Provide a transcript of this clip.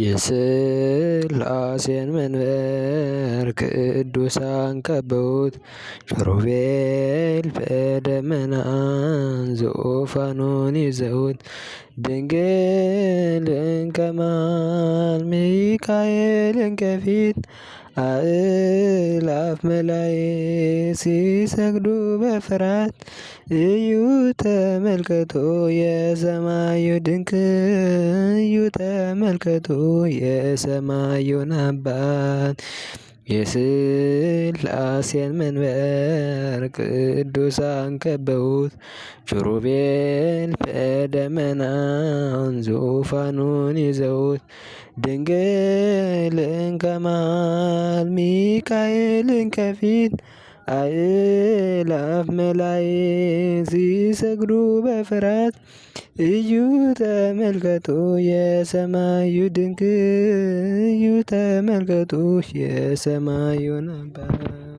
የስላሴን መንበር ቅዱሳን ከበውት ሽሩቤል በደመናን ዙፋኑን ይዘውት ድንግልን ከማል ሚካኤልን ከፊት አእላፍ መላእክት ሲሰግዱ በፍርሃት እዩ ተመልከቶ የሰማዩ ድንቅ ተመልከቱ የሰማዩን አባት የስላሴን መንበር ቅዱሳን ከበውት ኪሩቤል በደመናን ዙፋኑን ይዘውት፣ ድንግልን ከማል ሚካኤልን ከፊት አይ አእላፍ መላእክት ሲሰግዱ በፍርሃት እዩ ተመልከቱ የሰማዩ ድንቅ እዩ ተመልከቱ የሰማዩን አባ